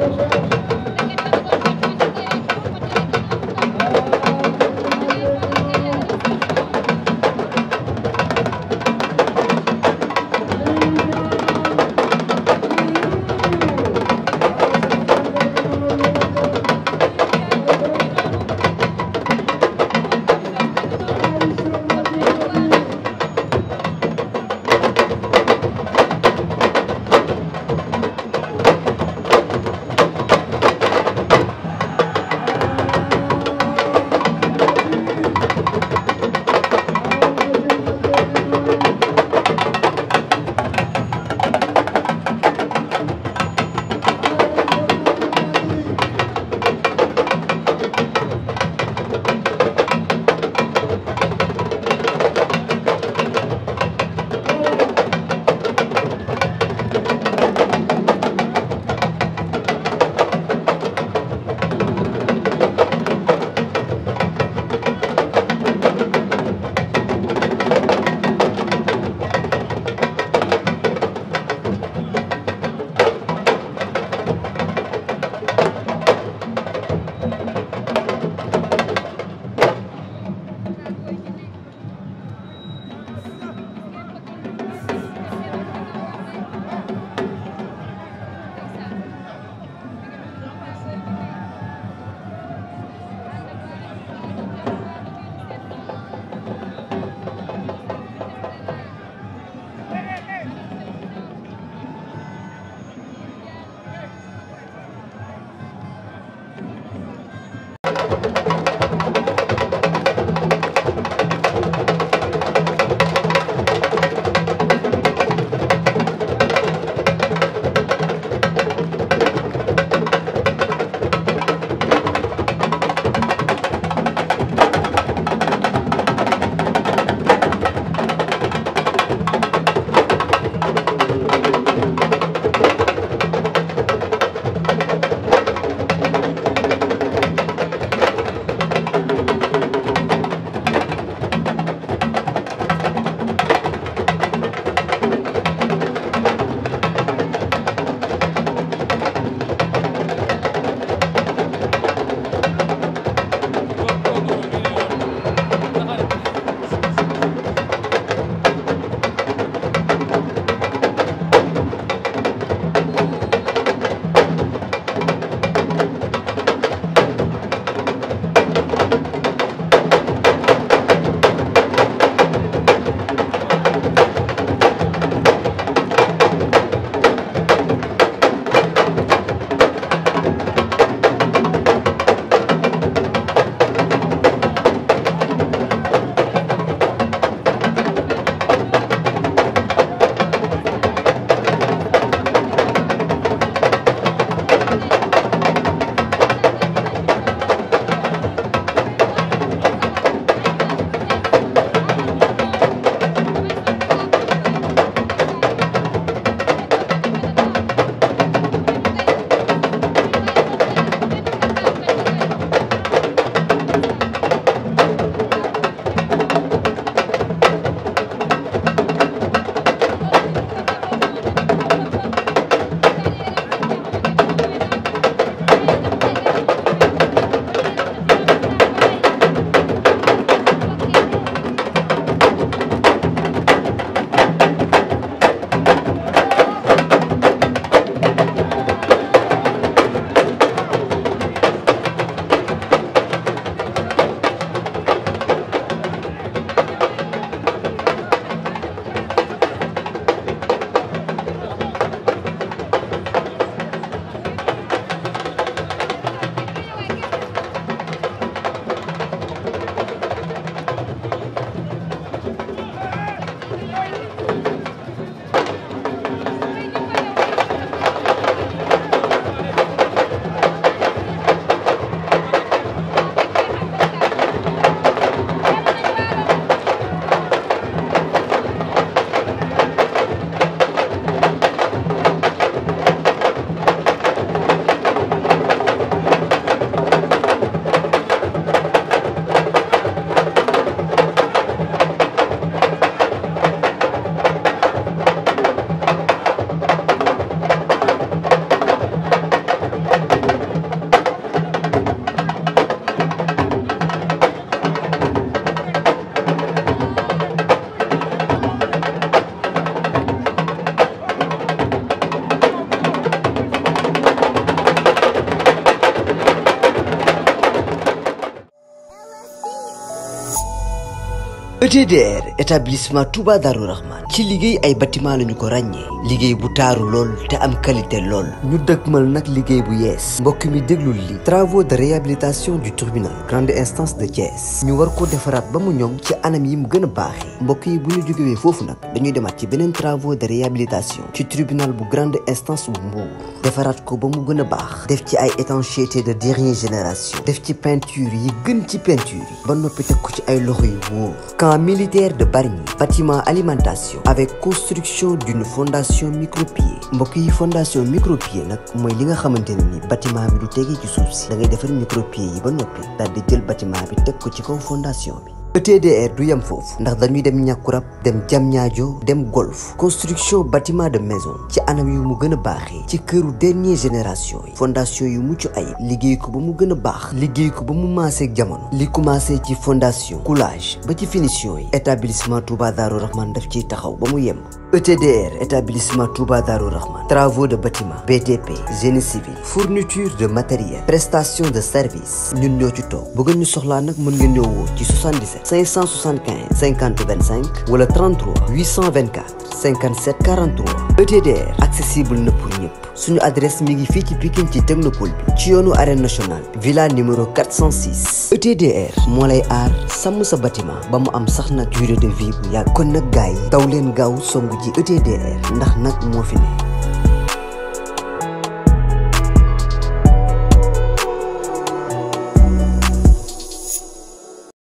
Thank you. Thank you. ETDR établissement Touba Darou Rahman ci à ay bâtiment la ko ragné liguey bu taru lol à am qualité lol ñu bu mi travaux de réhabilitation du tribunal grande instance de Thiès ñu war ko défarat ba mu ñom ci anam yi mu gëna a mbokk yi bu ñu fofu un dañuy travaux de réhabilitation ci tribunal bu grande instance bu Mbour defaraat ko ba mu gëna baax def ci ay étanchéité de dernière génération def ci peinture yi gën ci peinture yi ba noppi teg ko ci ay loxo yu wóor camp militaire de Bargny bâtiment alimentation avec construction d'une fondation micropieux mbokk yi fondation micropieux nak moy li nga xamanteni ni bâtiment bi du tegee ci suuf si da ngay defar micropieux yi ba noppi daal di jël bâtiment bi teg ko ci kaw fondation bi ETDR du yem Nardani ndax dañuy dem ñàkkurab dem dem golf construction bâtiment de maison ci anam yu mu gëna a ci dernier génération fondation yu muccu ay liggéey ko ba mu gën a liggéey ko ba mu li commencé ci fondation coulage ba ci finition établissement Touba Darou Rahman daf ci taxaw ba yem ETDR établissement Touba Darou Rahman travaux de bâtiment BTP génie civil fourniture de matériel prestation de service ñun ñoo ci tok bu ñu soxla nak ci 575 50 25 le 33 824 57 43 ETDR accessible ne pour suñu adresse mi ngi fii ci Pikine ci technopole ci arène villa numéro 406 ETDR moo Ar, aar bâtiment am durée de vie pour yàgg kon nag ETDR e ndax Mofine.